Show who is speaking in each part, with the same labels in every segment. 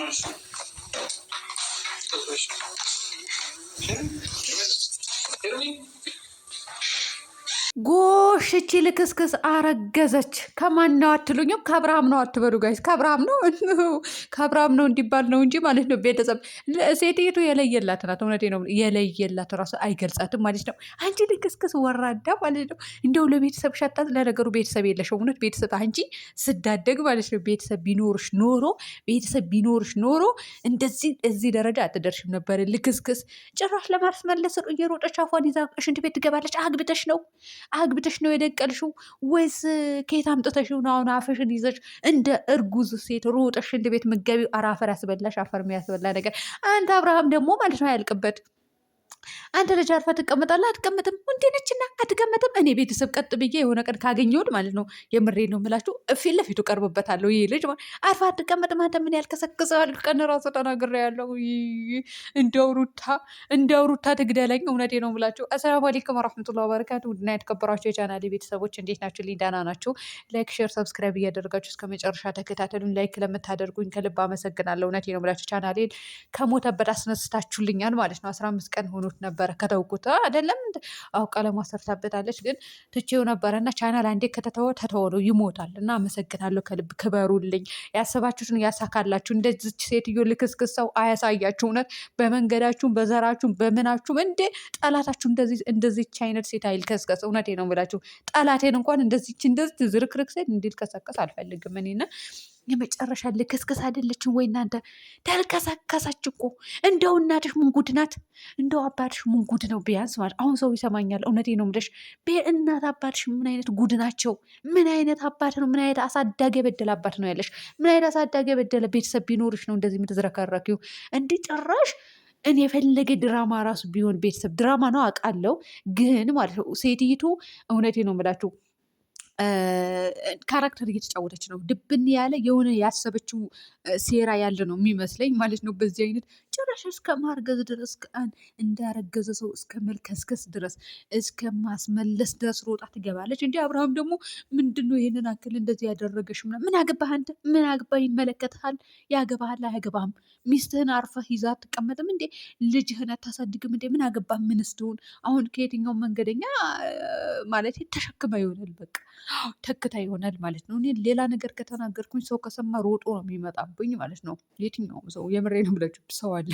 Speaker 1: Anlaşıldı. Go ጎሽ እቺ ልክስክስ አረገዘች። ከማን ነው አትሉኝም? ከአብርሃም ነው አትበሉ ጋይስ። ከአብርሃም ነው ከአብርሃም ነው እንዲባል ነው እንጂ ማለት ነው። ቤተሰብ ሴትቱ የለየላት ናት። እውነቴ ነው። የለየላት ራሱ አይገልጻትም ማለት ነው። አንቺ ልክስክስ ወራዳ ማለት ነው። እንደው ለቤተሰብ ሻጣት። ለነገሩ ቤተሰብ የለሽ እውነት። ቤተሰብ አንቺ ስዳደግ ማለት ነው። ቤተሰብ ቢኖርሽ ኖሮ ቤተሰብ ቢኖርሽ ኖሮ እንደዚህ እዚህ ደረጃ አትደርሽም ነበር። ልክስክስ ጭራሽ ለማስመለስ እየሮጠች አፏን ይዛ ሽንት ቤት ትገባለች። አግብተሽ ነው አግብተሽ ነው ነው የደቀልሽው ወይስ ከየት አምጥተሽው ነው? አሁን አፍሽን ይዘሽ እንደ እርጉዝ ሴት ሩጠሽ እንደ ቤት ምገቢው አራፈር ያስበላሽ አፈር ያስበላ ነገር አንተ አብርሃም ደግሞ ማለት ነው ያልቅበት አንተ ልጅ አርፋ ትቀመጣለህ? አትቀመጥም። ወንዴነችና አትቀመጥም። እኔ ቤተሰብ ቀጥ ብዬ የሆነ ቀን ካገኘሁት ማለት ነው የምሬ ነው የምላችሁ፣ ፊት ለፊቱ ቀርብበታለሁ። ይህ ልጅ አርፋ አትቀመጥም። አንተ ምን ያልከሰክሰዋል? ቀን ራሱ ተናግሬ ያለው ሩታ እንደው ትግደለኝ። እውነቴ ነው የምላችሁ። አሰላሙ አለይኩም ወረሕመቱላሂ ወበረካቱ። ውድና የተከበራችሁ የቻናሌ ቤተሰቦች እንዴት ናችሁ? ሊዳና ናችሁ። ላይክ፣ ሼር፣ ሰብስክራይብ እያደረጋችሁ እስከ መጨረሻ ተከታተሉኝ። ላይክ ለምታደርጉኝ ከልብ አመሰግናለሁ። እውነቴ ነው የምላችሁ ቻናሌን ከሞተበት አስነስታችሁልኛል ማለት ነው። አስራ አምስት ቀን ሆኖ እየተውኩት ነበረ። ከተውኩት አይደለም አሁ ቀለሙ አሰርታበታለች፣ ግን ትቼው ነበረ እና ቻናል አንዴ ከተተወ ተተወ ነው ይሞታል። እና አመሰግናለሁ ከልብ ክበሩልኝ። ያሰባችሁትን ያሳካላችሁ። እንደዚች ሴትዮ ልክስክስ ሰው አያሳያችሁ። እውነት በመንገዳችሁም በዘራችሁም በምናችሁም እንዴ ጠላታችሁ እንደዚች አይነት ሴት አይልከስከስ። እውነቴ ነው ብላችሁ ጠላቴን እንኳን እንደዚች እንደዚህ ዝርክርክ ሴት እንዲልከሰከስ አልፈልግም እኔና የመጨረሻ ልክስክስ አይደለችን ወይ? እናንተ ተልከሳከሳች እኮ እንደው እናትሽ ምንጉድ ናት፣ እንደው አባትሽ ምንጉድ ነው። ቢያንስ ማለት አሁን ሰው ይሰማኛል። እውነቴ ነው የምልሽ። እናት አባትሽ ምን አይነት ጉድ ናቸው? ምን አይነት አባት ነው? ምን አይነት አሳዳጊ የበደለ አባት ነው ያለሽ? ምን አይነት አሳዳጊ የበደለ ቤተሰብ ቢኖርሽ ነው እንደዚህ የምትዝረከረኪው? እንዲህ ጭራሽ እኔ የፈለገ ድራማ ራሱ ቢሆን ቤተሰብ ድራማ ነው አውቃለሁ፣ ግን ማለት ነው ሴትይቱ እውነቴ ነው የምላችሁ ካራክተር እየተጫወተች ነው። ድብን ያለ የሆነ ያሰበችው ሴራ ያለ ነው የሚመስለኝ ማለት ነው። በዚህ አይነት መጨረሻ እስከ ማርገዝ ድረስ እንዳረገዘ ሰው እስከ መልከስከስ ድረስ እስከ ማስመለስ ድረስ ሮጣ ትገባለች። እንዲህ አብርሃም ደግሞ ምንድን ነው ይህንን አክል እንደዚህ ያደረገሽ? ምን አገባህ አንተ? ምን አገባህ? ይመለከትሃል? ያገባሃል? አያገባህም? ሚስትህን አርፈህ ይዛ አትቀመጥም እንዴ? ልጅህን አታሳድግም እንዴ? ምን አገባህ? ምን ስትሆን አሁን ከየትኛው መንገደኛ ማለት ተሸክማ ይሆናል። በቃ ተክታ ይሆናል ማለት ነው። እኔ ሌላ ነገር ከተናገርኩኝ ሰው ከሰማ ሮጦ ነው የሚመጣብኝ ማለት ነው። የትኛውም ሰው የምሬ ነው ብላችሁ ሰው አለ።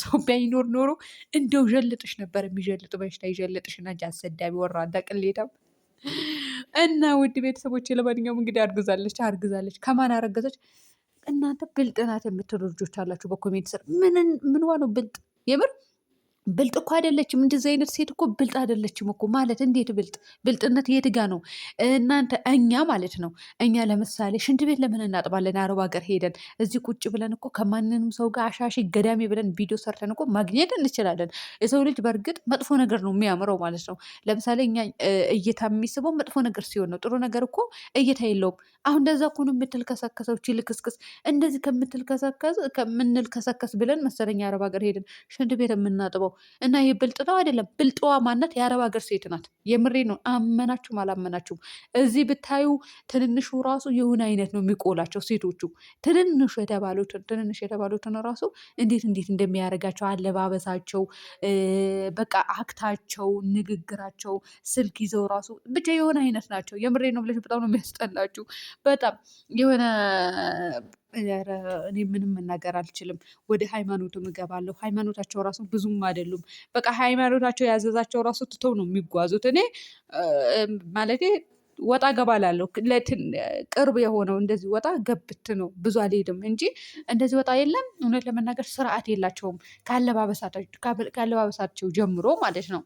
Speaker 1: ሰው ቢያይኖር ኖሮ እንደው ዠልጥሽ ነበር የሚዠልጥ በሽታ ይዠልጥሽ እና እንጂ አሰዳቢ ወራዳ ቅሌታም እና ውድ ቤተሰቦች ለማንኛውም እንግዲህ አርግዛለች አርግዛለች። ከማን አረገዘች? እናንተ ብልጥ ናት የምትሉ ልጆች አላችሁ በኮሜንት ስር ምንዋ ነው ብልጥ የምር ብልጥ እኮ አይደለችም። እንደዚህ አይነት ሴት እኮ ብልጥ አይደለችም እኮ ማለት እንዴት ብልጥ ብልጥነት የት ጋ ነው? እናንተ እኛ ማለት ነው እኛ ለምሳሌ ሽንት ቤት ለምን እናጥባለን? አረብ ሀገር ሄደን እዚህ ቁጭ ብለን እኮ ከማንንም ሰው ጋር አሻሺ ገዳሚ ብለን ቪዲዮ ሰርተን እኮ ማግኘት እንችላለን። የሰው ልጅ በእርግጥ መጥፎ ነገር ነው የሚያምረው ማለት ነው። ለምሳሌ እኛ እይታ የሚስበው መጥፎ ነገር ሲሆን ነው። ጥሩ ነገር እኮ እይታ የለውም። አሁን እንደዛ እኮ ነው የምትልከሰከሰው ችልክስክስ እንደዚህ ከምትልከሰከስ ከምንልከሰከስ ብለን መሰለኛ አረብ ሀገር ሄደን ሽንት ቤት የምናጥበው እና ይህ ብልጥ ነው አይደለም። ብልጥዋ ማናት? የአረብ ሀገር ሴት ናት። የምሬ ነው። አመናችሁም አላመናችሁም፣ እዚህ ብታዩ ትንንሹ ራሱ የሆነ አይነት ነው የሚቆላቸው ሴቶቹ። ትንንሹ የተባሉትን ትንንሽ የተባሉትን ራሱ እንዴት እንዴት እንደሚያደርጋቸው አለባበሳቸው፣ በቃ አክታቸው፣ ንግግራቸው፣ ስልክ ይዘው ራሱ ብቻ የሆነ አይነት ናቸው። የምሬ ነው ብለሽ በጣም ነው የሚያስጠላችሁ። በጣም የሆነ እኔ ምንም መናገር አልችልም። ወደ ሃይማኖቱም እገባለሁ ሃይማኖታቸው ራሱ ብዙም አይደሉም በቃ ሃይማኖታቸው ያዘዛቸው ራሱ ትተው ነው የሚጓዙት። እኔ ማለቴ ወጣ ገባ ቅርብ የሆነው እንደዚህ ወጣ ገብት ነው ብዙ አልሄድም እንጂ እንደዚህ ወጣ የለም። እውነት ለመናገር ስርዓት የላቸውም ከአለባበሳቸው ጀምሮ ማለት ነው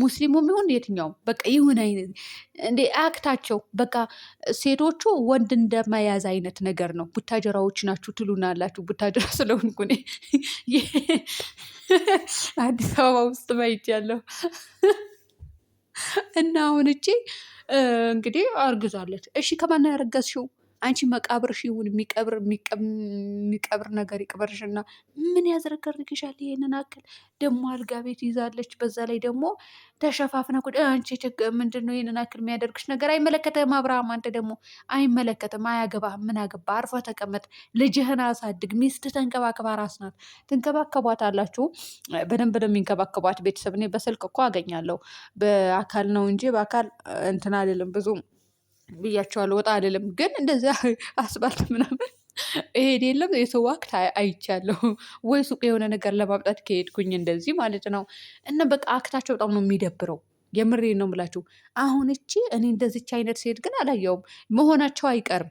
Speaker 1: ሙስሊሙም ይሁን የትኛውም በቃ ይሁን አይነት እንደ አክታቸው በቃ ሴቶቹ ወንድ እንደመያዝ አይነት ነገር ነው። ቡታጀራዎች ናችሁ ትሉናላችሁ። ቡታጀራ ስለሆንኩ እኔ አዲስ አበባ ውስጥ ያለው እና አሁን እቺ እንግዲህ አርግዛለች። እሺ ከማን ያረገዝሽው? አንቺ መቃብርሽ ይሁን የሚቀብር የሚቀብር ነገር ይቅበርሽና ምን ያዝረከርክሻል? ይሄንን አክል ደግሞ አልጋ ቤት ይዛለች። በዛ ላይ ደግሞ ተሸፋፍና ጉድ አንቺ ምንድን ነው ይሄንን አክል የሚያደርግሽ ነገር? አይመለከተም አብርሃም፣ አንተ ደግሞ አይመለከተም፣ አያገባህም። ምን አገባ? አርፈ ተቀመጥ፣ ልጅህን አሳድግ። ሚስት ተንከባከባ ራስ ናት። ትንከባከቧት አላችሁ። በደንብ ነው የሚንከባከቧት ቤተሰብ። እኔ በስልክ እኮ አገኛለሁ፣ በአካል ነው እንጂ በአካል እንትን አይደለም ብዙም ብያቸዋለሁ። ወጣ አይደለም ግን እንደዚያ አስባልት ምናምን ይሄድ የለም የሰው ዋክት አይቻለሁ ወይ ሱቅ የሆነ ነገር ለማምጣት ከሄድኩኝ እንደዚህ ማለት ነው። እና በቃ አክታቸው በጣም ነው የሚደብረው። የምሬ ነው የምላችሁ። አሁን እቺ እኔ እንደዚች አይነት ሴት ግን አላየውም፣ መሆናቸው አይቀርም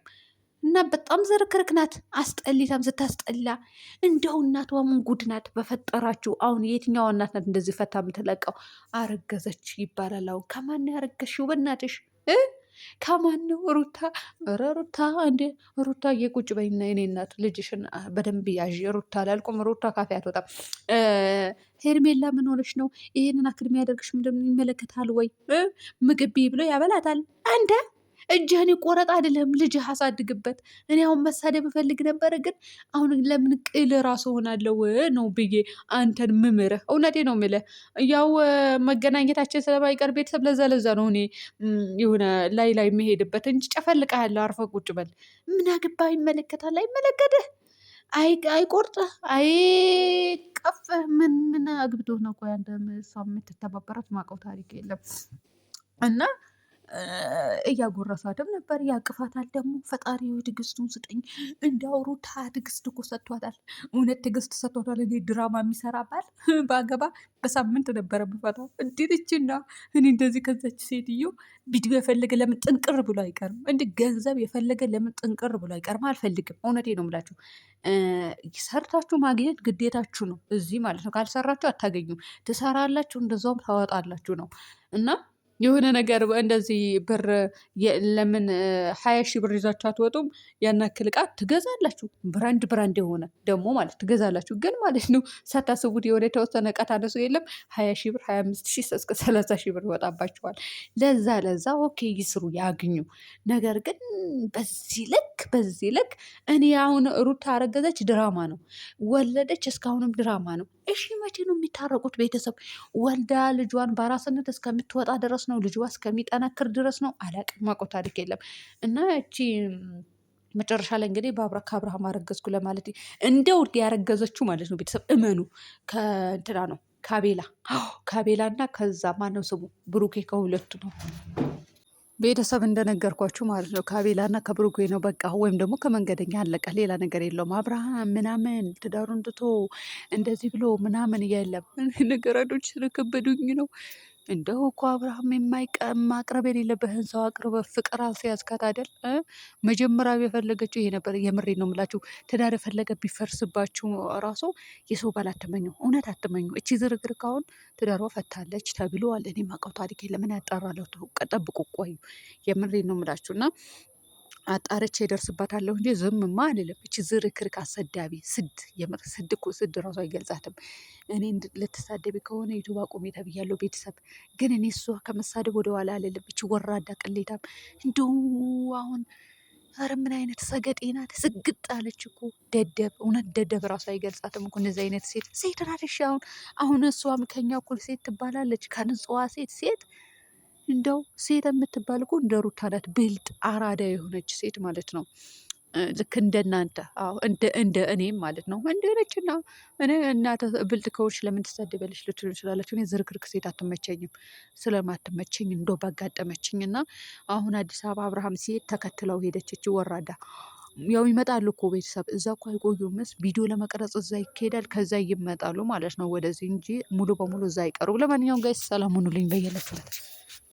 Speaker 1: እና በጣም ዝርክርክ ናት። አስጠሊታም ስታስጠላ እንደው እናት ምን ጉድ ናት በፈጠራችሁ። አሁን የትኛው እናት ናት እንደዚህ ፈታ የምትለቀው? አረገዘች ይባላል። አሁን ከማን ያረገሽው በእናትሽ? ከማን ነው ሩታ? ኧረ ሩታ እንዴ ሩታ እየቁጭ በይና የኔ እናት ልጅሽን በደንብ ያዥ። ሩታ አላልኩም። ሩታ ካፌ አትወጣም። ሄርሜላ ምን ሆነች ነው? ይህንን አክል የሚያደርግሽ ምንድን ይመለከታል ወይ? ምግብ ብሎ ያበላታል አንተ እጅህን ይቆረጥ አይደለም ልጅህ አሳድግበት። እኔ አሁን መሳደብ እፈልግ ነበረ፣ ግን አሁን ለምን ቅል ራሱ ሆናለው ነው ብዬ አንተን ምምርህ። እውነቴ ነው ምልህ። ያው መገናኘታችን ስለማይቀር ቤተሰብ ለዛ ለዛ ነው እኔ የሆነ ላይ ላይ የምሄድበት እንጂ ጨፈልቀሃለሁ። አርፈ ቁጭ በል። ምን አግባ ይመለከታል። አይመለከትህ አይቆርጥህ አይቀፍህ። ምን ምን አግብቶ ነው? ቆይ አንተ እሷ የምትተባበራት ማውቀው ታሪክ የለም እና እያጎረፋትም ነበር። ያቅፋታል ደግሞ ፈጣሪ ትዕግስቱን ስጠኝ እንዳውሩ ታ ትዕግስት እኮ ሰጥቷታል። እውነት ትዕግስት ሰጥቷታል። እኔ ድራማ የሚሰራ ባል በአገባ በሳምንት ነበረ ምፈታ። እንዴት እችና እኔ እንደዚህ ከዛች ሴትዮ ቢዲዮ የፈለገ ለምን ጥንቅር ብሎ አይቀርም? እንዲ ገንዘብ የፈለገ ለምን ጥንቅር ብሎ አይቀርም? አልፈልግም። እውነቴ ነው ምላችሁ። ሰርታችሁ ማግኘት ግዴታችሁ ነው እዚህ ማለት ነው። ካልሰራችሁ አታገኙም። ትሰራላችሁ፣ እንደዛውም ታወጣላችሁ ነው እና የሆነ ነገር እንደዚህ ብር ለምን ሀያ ሺህ ብር ይዛችሁ አትወጡም? ያን ያክል ትገዛላችሁ። ብራንድ ብራንድ የሆነ ደግሞ ማለት ትገዛላችሁ። ግን ማለት ነው ሳታስቡት የሆነ የተወሰነ ዕቃ ታነሱ የለም ሀያ ሺህ ብር ሀያ አምስት ሺህ እስከ ሰላሳ ሺህ ብር ይወጣባችኋል። ለዛ ለዛ ኦኬ ይስሩ ያግኙ። ነገር ግን በዚህ ልክ በዚህ ልክ እኔ አሁን ሩታ አረገዘች ድራማ ነው፣ ወለደች እስካሁንም ድራማ ነው። እሺ መቼ ነው የሚታረቁት? ቤተሰብ ወልዳ ልጇን በራስነት እስከምትወጣ ድረስ ነው፣ ልጇ እስከሚጠነክር ድረስ ነው። አላቅም ታሪክ የለም እና እቺ መጨረሻ ላይ እንግዲህ በአብራ ከአብርሃም አረገዝኩ ለማለት እንደው ያረገዘችው ማለት ነው። ቤተሰብ እመኑ ከእንትና ነው ካቤላ ካቤላ እና ከዛ ማነው ስሙ ብሩኬ ከሁለቱ ነው። ቤተሰብ እንደነገርኳችሁ ማለት ነው ከአቤላና ከብሩጌ ነው በቃ፣ ወይም ደግሞ ከመንገደኛ አለቀ። ሌላ ነገር የለውም። አብርሃም ምናምን ትዳሩን ትቶ እንደዚህ ብሎ ምናምን የለም። ነገራዶች ስለከበዱኝ ነው እንደው እኮ አብርሃም ማቅረብ የሌለበትን ሰው አቅርበ ፍቅር አልሰያዝካት አይደል? መጀመሪያ የፈለገችው ይሄ ነበር። የምሬ ነው የምላችሁ። ትዳር የፈለገ ቢፈርስባችሁ ራሱ የሰው ባል አትመኙ፣ እውነት አትመኙ። እቺ ዝርግር ካሁን ትዳሯ ፈታለች ተብለዋል። እኔ ማቀው ታሪክ ለምን ምን ያጣራለሁ? ጠብቁ፣ ቆዩ። የምሬ ነው የምላችሁ እና አጣርቼ እደርስባታለሁ እንጂ ዝምማ አልልም። እቺ ዝርክርክ አሰዳቢ ስድ የምር ስድ እኮ ስድ ራሱ አይገልጻትም። እኔ ልትሳደቢ ከሆነ ዩቱብ አቁሜ ተብያለሁ። ቤተሰብ ግን እኔ እሷ ከመሳደብ ወደኋላ አልልም። እቺ ወራዳ ቅሌታም እንዲ አሁን ኧረ ምን አይነት ሰገጤ ናት! ስግጥ አለች እኮ ደደብ። እውነት ደደብ ራሱ አይገልጻትም እኮ እንደዚህ አይነት ሴት ሴት ናት። እሺ አሁን አሁን እሷም ከኛ እኩል ሴት ትባላለች። ከንጽዋ ሴት ሴት እንደው ሴት የምትባል እኮ እንደ ሩታ ናት። ብልጥ አራዳ የሆነች ሴት ማለት ነው። ልክ እንደ እናንተ እንደ እኔም ማለት ነው እንደ ነችና እኔ እናተ ብልጥ ከሆንሽ ለምን ትሳደበልሽ ልትሉ ይችላላችሁ። እኔ ዝርክርክ ሴት አትመቸኝም። ስለማትመቸኝ እንዶ ባጋጠመችኝ እና አሁን አዲስ አበባ አብርሃም ሲሄድ ተከትለው ሄደችች ወራዳ። ያው ይመጣሉ እኮ ቤተሰብ እዛ እኮ አይቆዩም። ስ ቪዲዮ ለመቅረጽ እዛ ይካሄዳል። ከዛ ይመጣሉ ማለት ነው ወደዚህ እንጂ ሙሉ በሙሉ እዛ አይቀሩም። ለማንኛውም ጋይስ ሰላም ሁኑልኝ በየለችበት